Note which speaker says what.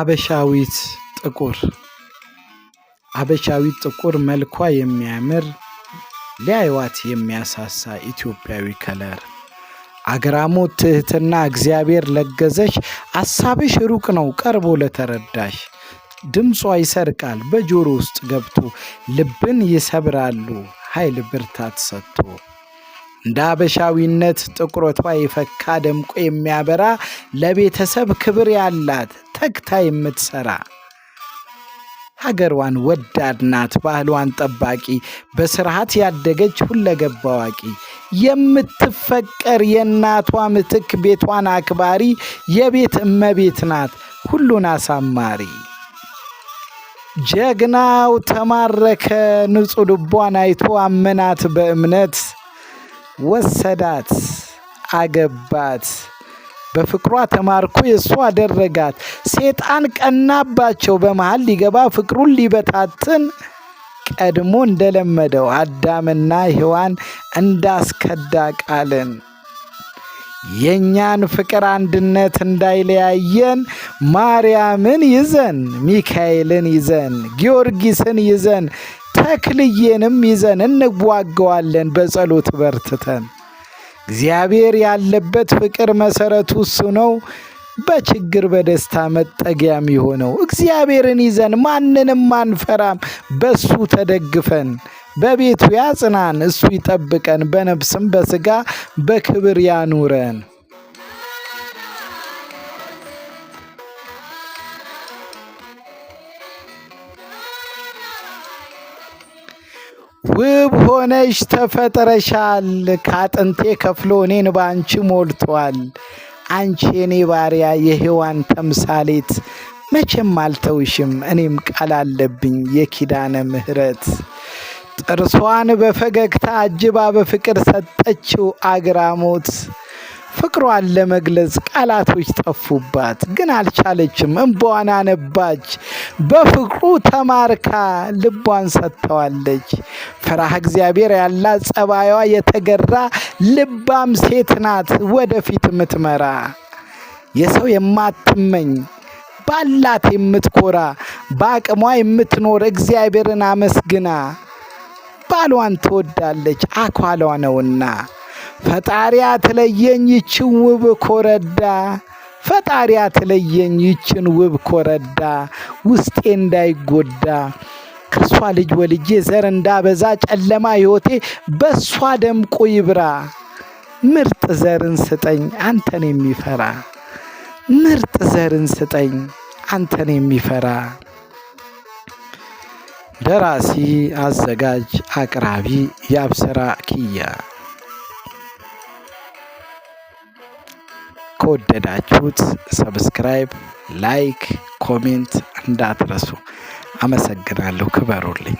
Speaker 1: አበሻዊት ጥቁር አበሻዊት ጥቁር መልኳ የሚያምር ሊያይዋት የሚያሳሳ ኢትዮጵያዊ ከለር አግራሞት ትህትና እግዚአብሔር ለገዘሽ አሳብሽ ሩቅ ነው ቀርቦ ለተረዳሽ ድምጿ ይሰርቃል በጆሮ ውስጥ ገብቶ ልብን ይሰብራሉ ኃይል ብርታት ሰጥቶ እንደ አበሻዊነት ጥቁረቷ የፈካ ደምቆ የሚያበራ ለቤተሰብ ክብር ያላት ተግታ የምትሰራ ሀገሯን ወዳድ ናት፣ ባህሏን ጠባቂ፣ በስርዓት ያደገች ሁለገብ አዋቂ፣ የምትፈቀር የእናቷ ምትክ ቤቷን አክባሪ፣ የቤት እመቤት ናት ሁሉን አሳማሪ። ጀግናው ተማረከ ንጹሕ ልቧን አይቶ አመናት በእምነት ወሰዳት አገባት በፍቅሯ ተማርኮ የእሱ አደረጋት። ሴጣን ቀናባቸው። በመሃል ሊገባ ፍቅሩን ሊበታትን ቀድሞ እንደለመደው አዳምና ሔዋን እንዳስከዳ ቃልን የእኛን ፍቅር አንድነት እንዳይለያየን ማርያምን ይዘን ሚካኤልን ይዘን ጊዮርጊስን ይዘን ተክልዬንም ይዘን እንዋገዋለን በጸሎት በርትተን እግዚአብሔር ያለበት ፍቅር መሰረቱ እሱ ነው። በችግር በደስታ መጠጊያም የሆነው እግዚአብሔርን ይዘን ማንንም አንፈራም። በሱ ተደግፈን በቤቱ ያጽናን፣ እሱ ይጠብቀን፣ በነፍስም በስጋ በክብር ያኑረን። ውብ ሆነሽ ተፈጥረሻል። ከአጥንቴ ከፍሎ እኔን በአንቺ ሞልቷል። አንቺ የኔ ባሪያ የሔዋን ተምሳሌት መቼም አልተውሽም። እኔም ቃል አለብኝ የኪዳነ ምሕረት ጥርሷን በፈገግታ አጅባ በፍቅር ሰጠችው አግራሞት ፍቅሯን ለመግለጽ ቃላቶች ጠፉባት፣ ግን አልቻለችም። እንባዋን አነባች። በፍቅሩ ተማርካ ልቧን ሰጥተዋለች። ፈራህ እግዚአብሔር ያላት ጸባዩዋ የተገራ ልባም ሴት ናት ወደፊት የምትመራ የሰው የማትመኝ ባላት የምትኮራ በአቅሟ የምትኖር እግዚአብሔርን አመስግና ባሏን ትወዳለች አኳሏ ነውና። ፈጣሪያ ትለየኝ ይችን ውብ ኮረዳ ፈጣሪያ ትለየኝ ይችን ውብ ኮረዳ ውስጤ እንዳይጎዳ ከእሷ ልጅ ወልጄ ዘር እንዳበዛ ጨለማ ሕይወቴ በእሷ ደምቆ ይብራ። ምርጥ ዘርን ስጠኝ አንተን የሚፈራ ምርጥ ዘርን ስጠኝ አንተን የሚፈራ። ደራሲ አዘጋጅ አቅራቢ ያብሰራ ኪያ ከወደዳችሁት ሰብስክራይብ፣ ላይክ፣ ኮሜንት እንዳትረሱ። አመሰግናለሁ። ክበሩልኝ።